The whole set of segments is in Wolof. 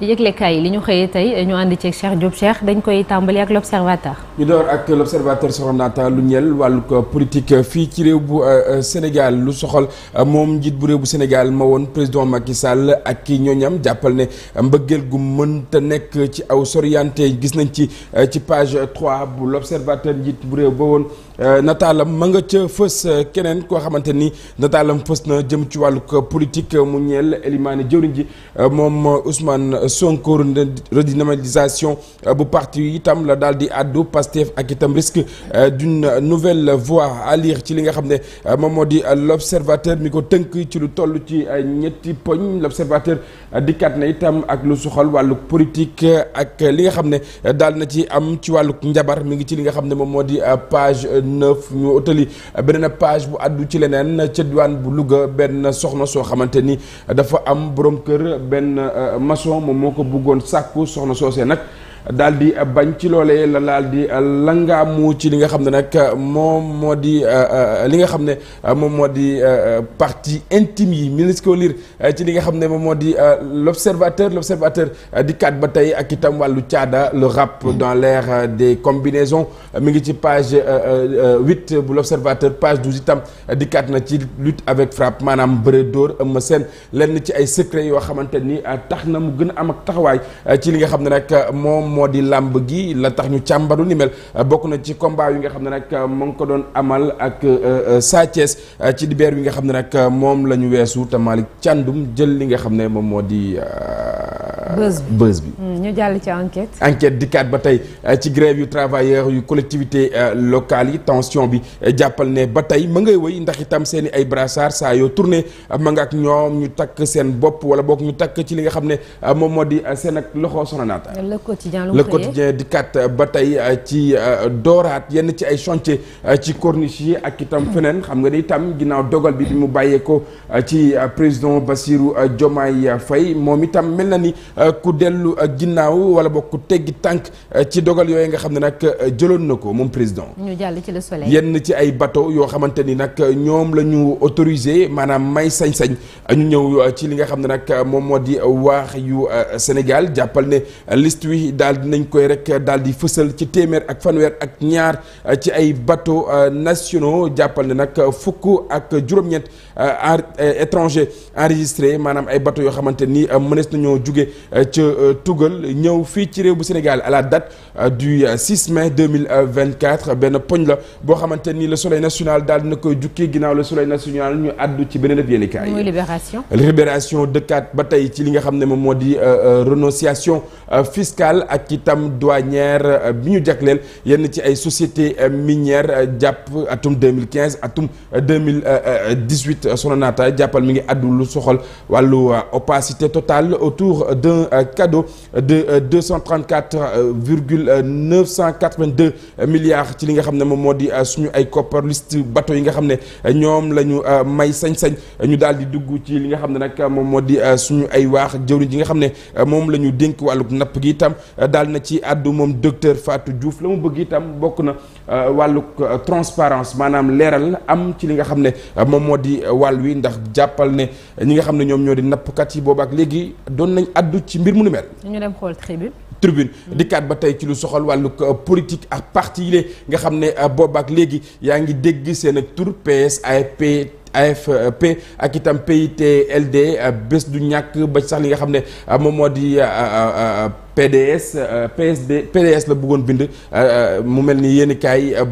yëglekaay yi li ñu xëyee tey ñu ànd ci Cheikh Diop Cheikh dañ koy tàmbali ak l'observateur ñu door ak l'observateur soxna lu ñeel wàllu politique fii ci réew bu euh, euh, Sénégal lu soxal euh, moom njiit bu réew bu Sénégal ma woon président Macky Sall ak ki ñooñam jàppal ne mbëggeel gu mënta nekk ci aw soriante gis nañ ci ci page 3 bu l'observateur njiit bu réew ba woon nataalam ma nga ca fës keneen koo xamante ni nataalam fës na jëm ci wàllu politique mu ñeel Elimane jëwriñ moom Ousmane Sonko redynamisation euh, bu parti itam la daal di addu Pastef ak itam risque euh, d'une nouvelle voie à ci li nga xam ne euh, moom moo di l'observateur mi ko tënk ci lu toll ci ñetti poñ l'observateur dikkaat na itam ak lu soxal wàllu politique ak li nga xam ne daal na ci am ci wàllu njabar mi ngi ci li nga xam ne moom moo di page neuf ñu otali beneen page bu addu ci leneen ca diwaan bu Louga benn soxna soo xamante ni dafa am borom kër benn mason moom moo ko bëggoon sàkku soxna soose nag daal di bañ ci loolee la daal di langaamu ci li nga xam ne nag moom moo di euh, euh, li nga xam ne euh, moom moo di partie intime yi mi ko lire ci li nga xam ne moom moo di l'observateur l'observateur di kat ba tey ak itam wàllu caada le rap mm. dans l'ère des combinaisons mi ngi ci page huit bu l'observateur page douze itam di kat na ci lutte avec frappe maanaam bëre dóor ëmma seen lenn ci ay secret yoo xamante ni tax na mu gën a am ak taxawaay ci li nga xam ne nag moom moo di làmb gi la tax ñu càmbaru ni mel bokk na ci combat yi nga xam ne nag euh, mu ngi ko doon amal ak euh, euh, Sa ci dibeer yi nga xam ne nag moom la ñu weesu te Malick jël li nga xam ne moom moo di. bës bi bi. Hmm, ñu jàll ba tey ci grève yu travailleurs yu collectivité locale yi tension bi jàppal ne ba tey ma ngay wëy ndax itam seen i ay brassard saa yoo tourné ma nga ak ñoom ñu takk seen bopp wala boog ñu takk ci li nga xam ne moom moo di seen ak loxo soxna quotidien lu mu le quotidien euh, ba tey euh, ci euh, dooraat yenn ci ay chantier ci corniche yi ak itam hmm. feneen xam nga ni itam ginnaaw dogal bi bi mu bàyyee ko ci président jomaa Diomaye Faye moom itam mel na ni ku dellu ak ginnaaw wala boog ku teggi tànk ci dogal yooyu nga xam ne nag jëloon na ko moom président. ñu jàll yenn ci ay bateau yoo xamante ni nag ñoom la ñu autorisé maanaam may sañ-sañ ñu ñëw ci li nga xam ne nag moom moo di waax yu Sénégal jàppal ne liste wi daal di nañ koy rek daal di fësal ci téeméer ak fanweer ak ñaar euh, ci ay bateaux euh, nationaux jàppal ne nag fukk ak juróom-ñett en euh, étranger enregistré maanaam ay bateaux yoo xamante ni mënees nañoo jóge ca Tugal ñëw fii ci réew bu Sénégal à la date du 6 mai 2024 benn poñ la boo xamante ni le soleil national daal dina koy jukki ginnaaw la soleil national ñu àddu ci beneen ab yéenekaay yi libération dëkkaat ba tey ci li nga xam ne moom moo di renonciation fiscale ak itam douanière euh, bi ñu jagleel yenn ci ay société euh, minière euh, jàpp atum 2015 atum 2018 Sononata jàppal mi ngi àddu lu soxal wàllu opacité totale autour d'un cadeau de 234 virgule 982 milliards ci li nga xam ne moom moo di suñu ay koppar liste bateau yi nga xam ne ñoom la ñu may sañ-sañ ñu daal di dugg ci li nga xam ne nag moom moo di suñu ay waax jëwriñ ji nga xam ne moom la ñu dénk wàllu napp gi itam daal na ci àddu moom docteur Fatou Diouf la mu bëgg itam bokk na euh, wàlluk euh, transparence maanaam leeral am ci li nga xam ne euh, moom moo di wàll wi ndax jàppal ne ñi nga xam ne ñoom ñoo di nappkat yi boobu ak léegi doon nañ àddu ci mbir mu nu mel. ñu dem xool tribune. tribune mm. dikkaat ba tey ci lu soxal wàllug politique ak parti nga xam ne boobaak léegi yaa ngi dégg seen ak tur PS AFP AFP ak itam PIT LD bés du ñàkk ba sax li nga xam ne moom moo di. PDS euh, PSD PDS la bëggoon bind euh, euh, mu mel ni yéen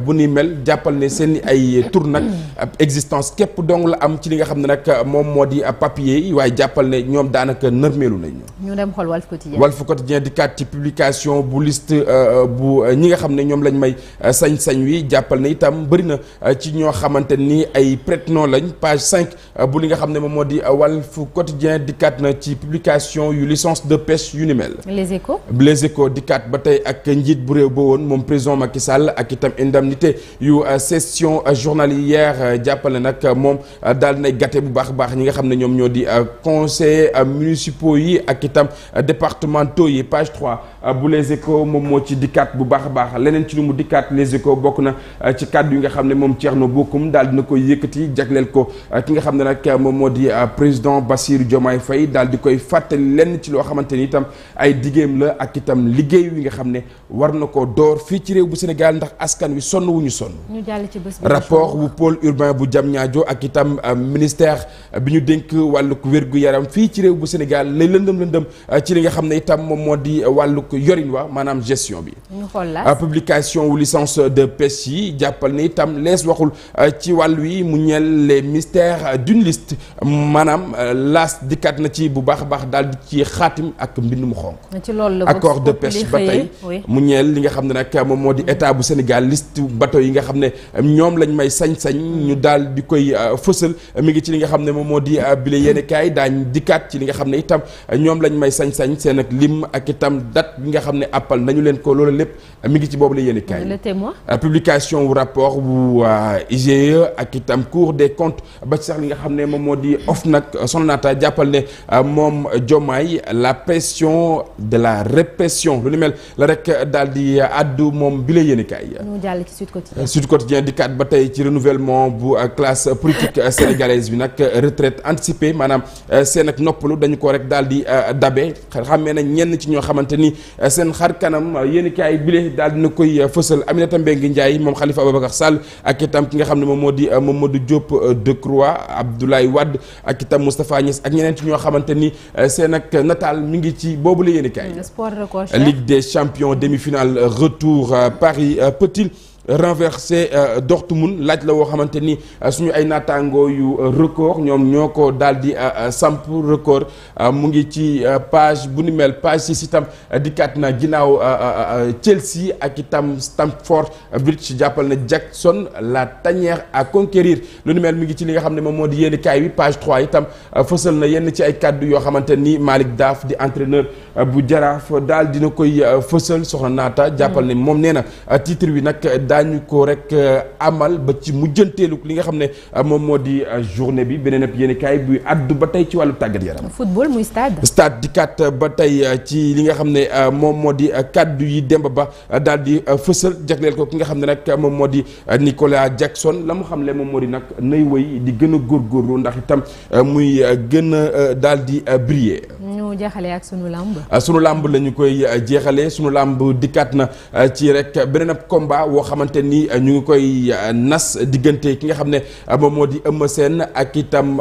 bu ni mel jàppal ne seen ay tur nag mm. existence képp dong la am ci li nga xam ne nag moom moo di papier waaye jàppal ne ñoom daanaka nërmeelu nañ ñu dem xool Walf Quotidien Walf Quotidien di kat ci publication bu liste bu ñi nga xam ne ñoom lañ may sañ-sañ wi jàppal ne itam bëri na ci ñoo xamante ni ay prête-noms lañ page cinq bu li nga xam ne moom moo di fu Quotidien di kat na ci publication yu licence de pêche yu ni ko. Blaise Ko dikkaat ba tey ak njiit bu réew ba woon moom président Macky Sall ak itam indemnité yu euh, session euh, journalière euh, jàppale nag moom daal nay gàtte bu baax a baax ñi nga xam ne ñoom ñoo di conseillers municipaux yi ak itam départementaux yi page 3 bu Les Échos moom moo ci dikkaat bu baax a baax leneen ci lu mu dikkaat Les Échos bokk na ci kàddu yi nga xam ne moom Thierno Bocoum daal dina koy yëkkati jagleel ko ki nga xam ne nag moom moo di président Bassirou Diomaye Faye daal di koy fàttali lenn ci loo xamante ni itam ay diggéem la ak itam liggéey wi nga xam ne war na ko door fii ci réew bu Sénégal ndax askan wi sonn wu ñu sonn. ñu jàll ci rapport bu pôle urbain bu Diamniadio ak itam euh, ministère bi ñu dénk wàllug wérgu yaram fii ci réew bu Sénégal lay lëndëm lëndëm euh, ci li nga xam ne itam moom moo di euh, wàllug yorin wa maanaam gestion bi. ñu xool la publication wu licence de pêche yi jàppal ni itam lees waxul ci wàll wi mu ñeel les mystères d'une maanaam laas dikkat na ci bu baax a baax daal di ci xaatim ak mbind mu xonk. accord de pêche ba tey mu ñeel li nga xam ne nag moom moo di état bu Sénégal liste bateau yi nga xam ne ñoom lañ may sañ-sañ ñu daal di koy euh, fësal mi ngi ci li nga xam ne moom moo di euh, bile yéene kaay daañ dikkaat ci li xam ne itam ñoom lañ may sañ-sañ seen ak lim ak itam date bi nga xam ne appal nañu leen ko loolu lépp mi ngi ci boobu la yéene kaay euh, publication wu rapport bu IGE ak itam cour de comptes ba ci li nga xam ne moom moo di OFNAC Sonata jàppal ne moom Diomaye la pression de la la répression lu ni mel la rek daal di addu moom bi la yéenekaay ñu jàll ci euh, di kat ba tey ci renouvellement bu euh, classe politique euh, sénégalaise bi nag retraite anticipée maanaam seen ak noppalu dañu ko rek daal di dabe xamee na ñenn ci ñoo xamante ni seen xar kanam yéenekaay bile daal dina koy fësal Aminata Mbengue Ndiaye moom Khalifa Ababacar Sall ak itam ki nga xam ne moom moo di Mamadou Diop Decroix Abdoulaye Wade ak itam Moustapha Niass ak ñeneen ci ñoo xamante ni seen ak nataal mu ngi ci boobu la yéenekaay mm, Sport record Ligue des champions demi-finale retour Paris euh, peut-il renversé euh, Dortmund laaj la woo xamante ni euh, suñu ay naataangoo yu euh, record ñoom ñoo ko daal di samp record mu ngi ci page bu ni mel page si itam dikkaat na ginnaaw Chelsea ak itam Stamford Bridge jàppal na Jackson la tanière à conquérir lu nu mel mi ngi ci li nga xam ne moom moo di yéeni kaay bi page itam fësal na yenn ci ay kàddu yoo xamante ni Malick Daaf di entraîneur bu Jaraaf daal dina koy fësal soxna naata jàppal ne moom nee na titre bi daañu ko rek euh, amal ba mujjanteelu li nga xam ne euh, moom moo di euh, journée bi beneen ab yéenekaay buy ba tey ci wàllu tàggat yaram. football muy stade. stade di kat ba tey ci li nga xam ne moom moo di kaddu yi demb ba daal di fësal jagleel ko ki nga xam ne nag moom moo di Nicolas Jackson la mu xam le moom moo di nag nay woy di gën a góorgóorlu ndax itam muy gën a daal di briller. ñu jeexalee ak sunu lamb. sunu lamb la koy jeexalee sunu lamb dikkaat na ci rek beneen ab combat woo xamante nii euh, ñu ngi koy euh, nas diggante ki nga xam ne euh, moom moo di Eumeu seen ak itam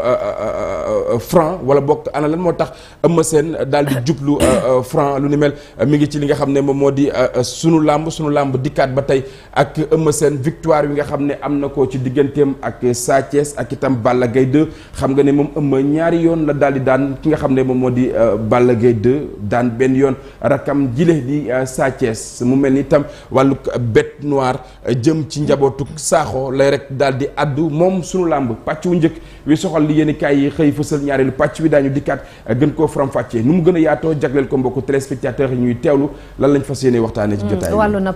Franc wala bokk ana moo tax Eumeu seen daal di jublu Franc lu ni mel mi ngi ci li nga xam ne moom moo di sunu làmb sunu làmb dikkaat ba tey ak Eumeu seen victoire yi nga xam ne am na ko ci digganteem ak Sa ak itam Balla Gaye 2 xam nga ne moom Eumeu ñaari yoon la daal di daan ki nga xam ne moom moo di Balla Gaye 2 daan benn yoon rakam jile di Sa mu mel ni itam wàllu bête jëm ci njabootu saaxo lay rek daal di addu moom sunu làmb pàcc wu njëkk wi soxal li yéeni kaay yi xëy fësal ñaareelu pàcc wi daañu dikkaat gën koo faram-fàccee nu mu gën a yaatoo jagleel ko mbokku téléspectateurs yi ñuy teewlu lan lañ fas yéene waxtaanee ci hmm. jotaay